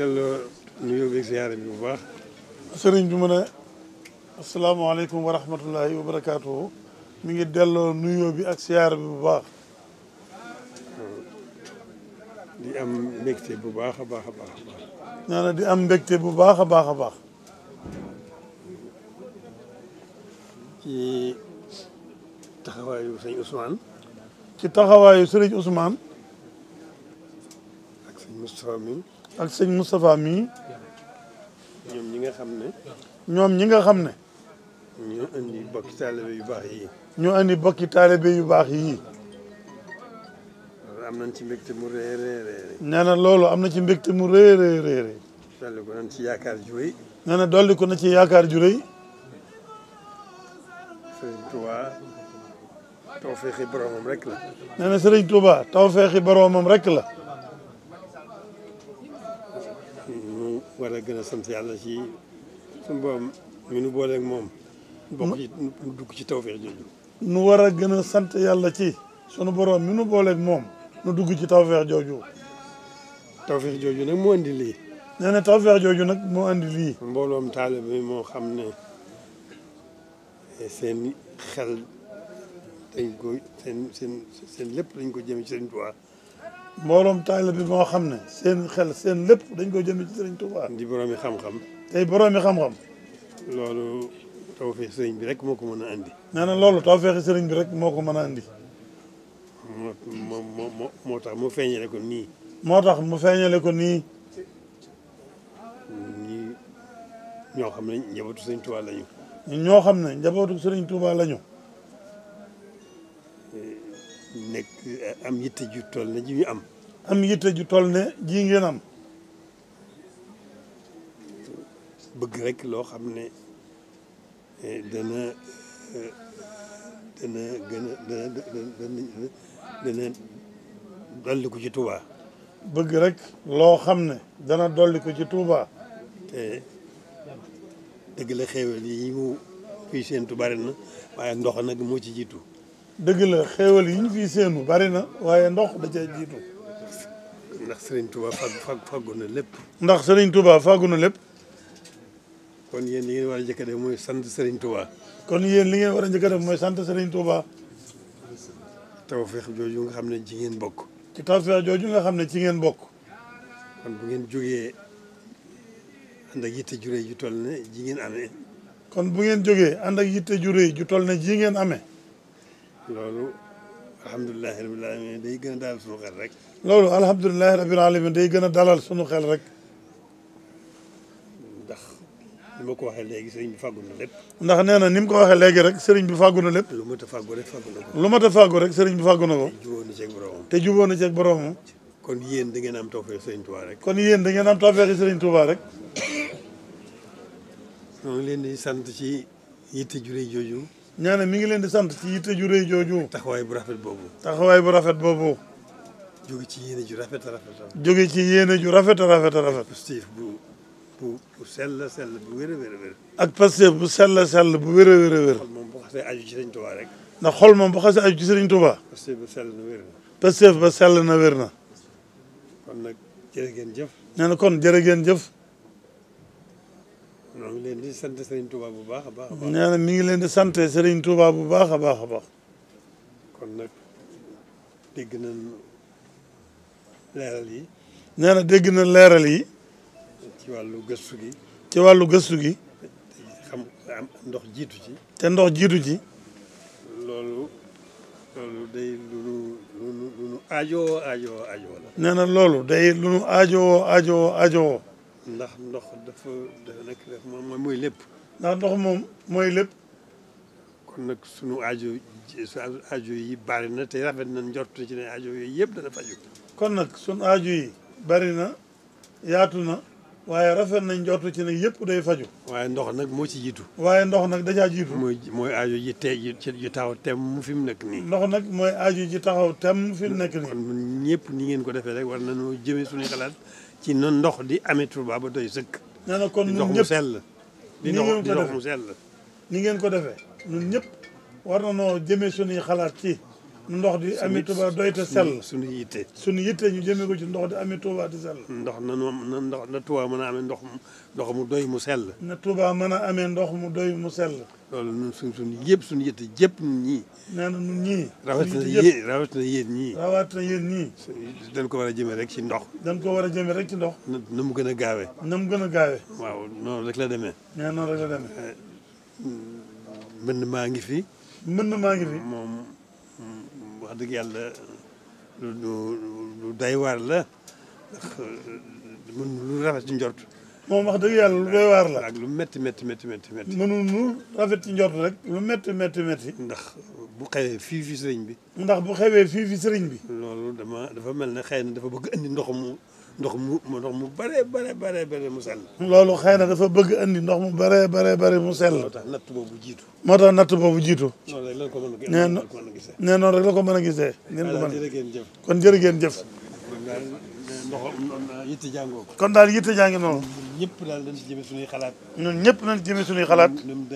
delloo nuyoo bi ziyaara bi bu baax sëriñ bi mu ne asalaamaaleykum wa rahmatullahi wa barakaatuhu ngi delloo nuyoo bi ak ziyaara bi bu baax di am mbégte bu baax a baax a baax di am mbégte bu baax a baax a baax ci taxawaayu sëriñ Ousmane ci taxawaayu sëriñ Ousmane Moustapha mi. ak sëñ Moustapha mi. ñoom ñi nga xam ne. ñoom ñi nga xam ne. ñoo indi bokki taalibe yu baax yi. ñoo indi bokki taalibe yu baax yi. am nañ ci mbégte mu rëy am na ci mbégte mu rëy rëy dolli ko nañ ci yaakaar ju rëy. nee na dolli ko na ci yaakaar ju rëy. Serigne Touba tawfeexi boromam rek la. nee na Serigne Touba tawfeexi boromam rek la. ñu war a gën a sant yàlla ci suñu borom mi nu booleek moom. bokk ci dugg ci tawféex jooju. nu war a gën a sant yàlla ci sunu borom mi nu booleeg moom nu dugg ci tawféex jooju. tawféex jooju nag moo indi lii. nee na tawféex jooju nag moo indi lii. mbooloom taalibe bi moo xam ne seen xel dañ ko seen seen seen lépp dañ ko jëme ci Sëriñ Tuubaa. mbooloom taalibe bi moo xam ne seen xel seen lépp dañ ko jënd ci sëriñ Touba. di boroomi xam-xam. tey boroomi xam-xam. loolu tawfeexi sëriñ bi rek moo ko mën a andi. nee na loolu sëriñ bi rek moo ko mën a andi. moo moo tax mu feeñale ko nii. moo tax mu feeñale ko nii. ñoo xam ne njabootu sëriñ Touba lañu. ñoo xam ne njabootu sëriñ Touba lañu. nekk eh, am yitte ju toll ne ji am. am yitte ju toll ne ji ngeen am. bëgg rek loo xam ne eh, eh, dana dana gën ko ci Touba. bëgg rek loo xam ne dana dolli ko ci te dëgg la xéewal yi mu fii seen Touba na waaye ndox nag moo ci jiitu. dëgg la xéewal yi ñu fi séenu bari na waaye ndox da cee jiitu. ndax Serigne Touba fàgg fàggu na lépp. ndax Serigne Touba fàggu na lépp. kon yéen li ngeen war a njëkk a def mooy sant Serigne Touba. kon yéen li ngeen war a njëkk a def mooy sant Serigne Touba. tawfeex jooju nga xam ne ci ngeen bokk. ci tawfeex jooju nga xam ne ci ngeen bokk. kon bu ngeen jógee ànd ak yitte jure ju toll ne ji ngeen amee. kon bu ngeen jógee ànd ak yitte jure ju toll ne ji ngeen amee. loolu alhamdulilah rabil alamin day gën a dalal sunu xel rek. loolu alhamdulilah rabil day gën a dalal sunu xel rek. ndax ni ma ko waxee léegi sëriñ bi fàggu na lépp. ndax nee na ni mu ko waxee léegi rek sëriñ bi fàggu lépp. lu mat a fàggu rek lu mat a rek sëriñ bi fàggu na ko. te jubóo na ci ak boromam. te kon yéen da ngeen am tawfeex sëriñ Touba rek. kon yéen da ngeen am tawfeex sëriñ Touba rek. ñoo ngi leen di sant ci yitte jure jooju. nee mi ngi leen di sant ci yitte ju rëy jooju. taxawaay bu rafet boobu. taxawaay bu rafet boobu. jóge ci yéene ju rafet a rafet a. jóge ci yéene rafet a rafet rafet. positif bu bu bu sell sell bu wér a wér a wér. ak positif bu sell sell bu wér a wér a wér. xol moom bu xasee aju ci Sëriñ Tuubaa rek. ndax xol moom bu xasee aju ci ba sell na wér na. positif ba sell na wér kon nag jërë jëf. nee na kon jërë ngeen jëf. ñoo ngi leen di sant Serigne Touba bu baax a baax. nee na mi ngi leen di sant Serigne Touba bu baax a baax a baax. kon nag dégg nañ leeral yi. nee na dégg nañ leeral yi. ci wàllu gëstu gi. ci wàllu gëstu gi. xam ndox jiitu ci. te ndox jiitu ci. loolu loolu day lu lu lu lu aajowoo aajowoo la. nee loolu day lu nu aajowoo aajowoo aajowoo. ndax ndox dafa dafa nekk def moom mooy lépp. ndax ndox moom mooy lépp. kon nag sunu aajo sunu aajo yi bari na te rafet na njort ci ne aajo yooyu yëpp dana faju kon nag sunu aajo yi bari na yaatu na waaye rafet na njort ci ne yëpp day faju waaye ndox nag moo ci jiitu. waaye ndox nag dajaa jiitu. mooy mooy aajo ji te ji taxaw tem mu fi mu nekk nii. ndox nag mooy aajo ji taxaw tem mu fi nekk nii. kon ñëpp ni ngeen ko defee rek war nu jëmee suñu xalaat. ci noonu ndox di amee Touba ba doy sëkk. nee na kon ñun ñëpp di sell. di ndox di ndox mu sell. ni ngeen ko defee ñun ñëpp war na noo jëmee suñuy xalaat ci. ndox di ami Touba doy te sell. suñu yitte suñu yitte ñu jëmee ko ci ndox di ami Touba di sell. ndox na na ndox na Touba mën a ndox mu ndox mu doy mu sell. na Touba mën a amee mu doy mu sell. loolu ñun suñ suñu yëpp suñu yitte jëpp ñun ñii. nee na ñun ñii. rawatina yéen rawatina yéen ñii. rawatina yéen ñii. ko war a jëmee rek ci ndox. dañ ko war a jëmee rek ci ndox. na mu gën a gaawee. na mu gën a gaawee. waaw noonu rek la demee. nee noonu rek la demee. mbënd maa ngi fi. mbënd maa ngi fi wax dëgg yàlla lu lu waar la ndax mën lu rafet ci njort. moom wax dëgg yàlla lu doy waar la. ak lu métti métti métti métti métti. mënul lu rafet ci njort rek lu métti métti métti. ndax bu xewee fii fii sëriñ bi. ndax bu xewee fii fii sëriñ bi. loolu dama dafa mel ne xëy na dafa bëgg indi ndox mu. ndox mu ndox mu bare bare bare bare mu sell. loolu xëy na dafa bëgg indi ndox mu bare bare bare mu sell. moo tax natt boobu jiitu. moo tax natt boobu jiitu. noonu rek la ko mën a gise nee noonu rek ko mën a gisee. nee noonu rek la ko mën a gisee. kon jërë ngeen jëf. kon daal yitte jaa ngi noonu. ñëpp daal dañ ci jëmee suñuy xalaat. ñun ñëpp nañ jëmee suñuy xalaat. ñun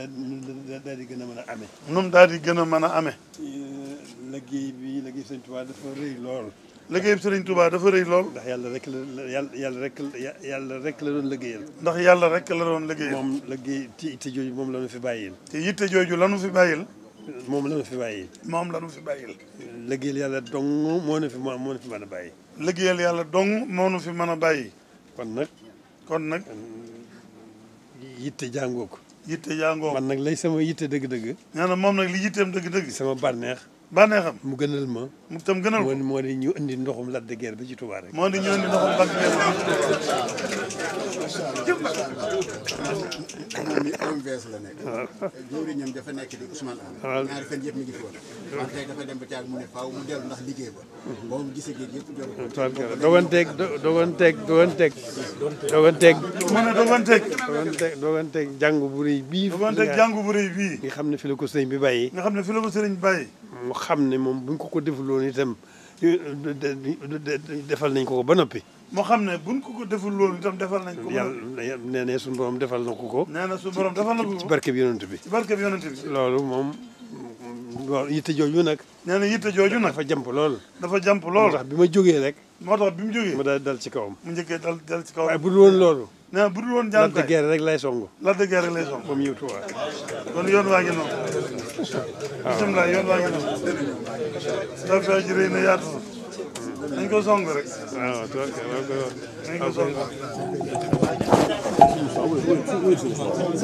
daal di gën a mën a amee. ñun daal di gën a mën a amee. Eh, liggéey bi liggéey Sëñ Tuubaa dafa rëy lool. liggéeyam Serigne Touba dafa rëy lool. ndax yàlla rek la yàlla rek yàlla rek la doon liggéeyal. ndax yàlla rek la doon liggéeyal. moom liggéey te yitte moom la nu fi bàyyil. te yitte jooju la nu fi moom la nu fi moom la nu bàyyil. liggéeyal yàlla dong moo nu fi moo moo nu a bàyyi. liggéeyal yàlla dong moo nu fi mën a bàyyi. kon nag. kon nag. yitte jàngoo ko. yitte jàngoo ko man nag lay sama yitte dëgg-dëgg. nee moom nag li yitteem dëgg-dëgg. sama bànneex. bànneexam mu gënal ma mu tam gënal ko moo di ñu indi ndoxum Lac de Guiers ba ci Touba rek moo di ñu indi ndoxum Lac de la nekk jëwriñam dafa nekk di Ousmane Anne ñaari dem ba caag mu ne faaw mu dellu ndax liggéey ba hmm. boobu gisee géej yëpp jor doganteeg doganteeg doganteeg doganteeg mu ne doganteeg doganteeg jàngu bu rëy bii doganteeg jàngu bu rëy bii nga xam ne fi la ko sëriñ bi bàyyi nga xam ne fi ko sëriñ bi bàyyi mu xam ne moom bu ñu ko ko defuloon itam defal nañ ko ko ba noppi. moo xam ne bu buñ ko ko deful loolu itam defal nañ ko. yàlla nee na suñu borom na ko na suñu borom defal na ko ko ci barke bi yonent bi. ci barke bi yonent bi. loolu moom loolu yitte jooju nag. nee na yitte jooju nag dafa jàmp lool. dafa jàmp lool moo tax bi ma jógee rek. moo tax bi mu jógee. mu daal dal ci kawam. mu njëkkee dal dal ci kawam. waaye bu dul loolu. na bu dul woon jànkuwaay la de Guiers rek lay song. Lac de Guiers rek lay song. comme yow Touba. kon yoon waa noonu. waaw ah. bisimilah yoon waa ngi noonu. Tawfekh ji rëy na yaatu na. nañ ko song rek. waaw ah, toog nañ ko song. Ah,